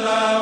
la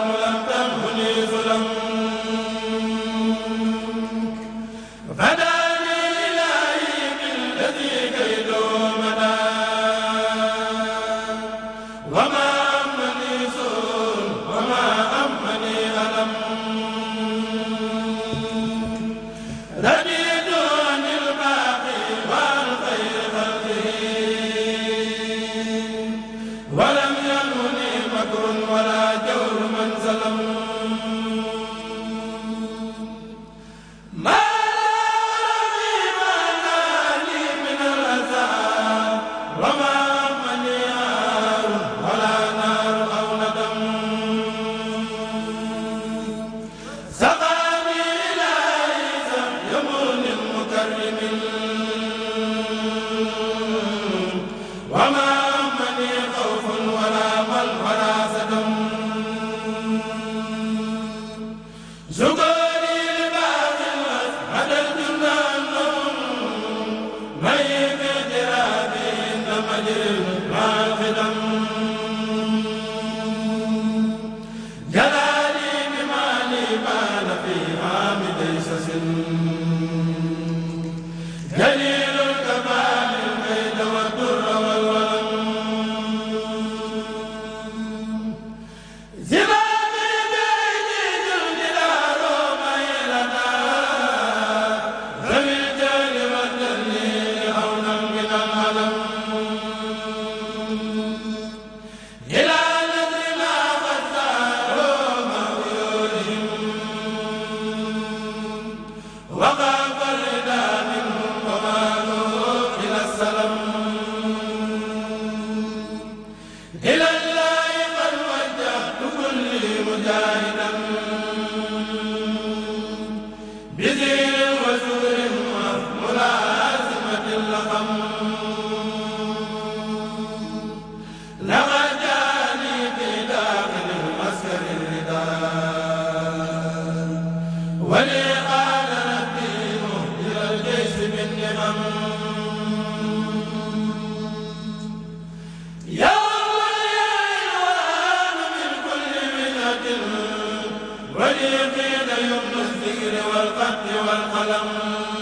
jaahi واليقين يبنى الذكر والقد والقلم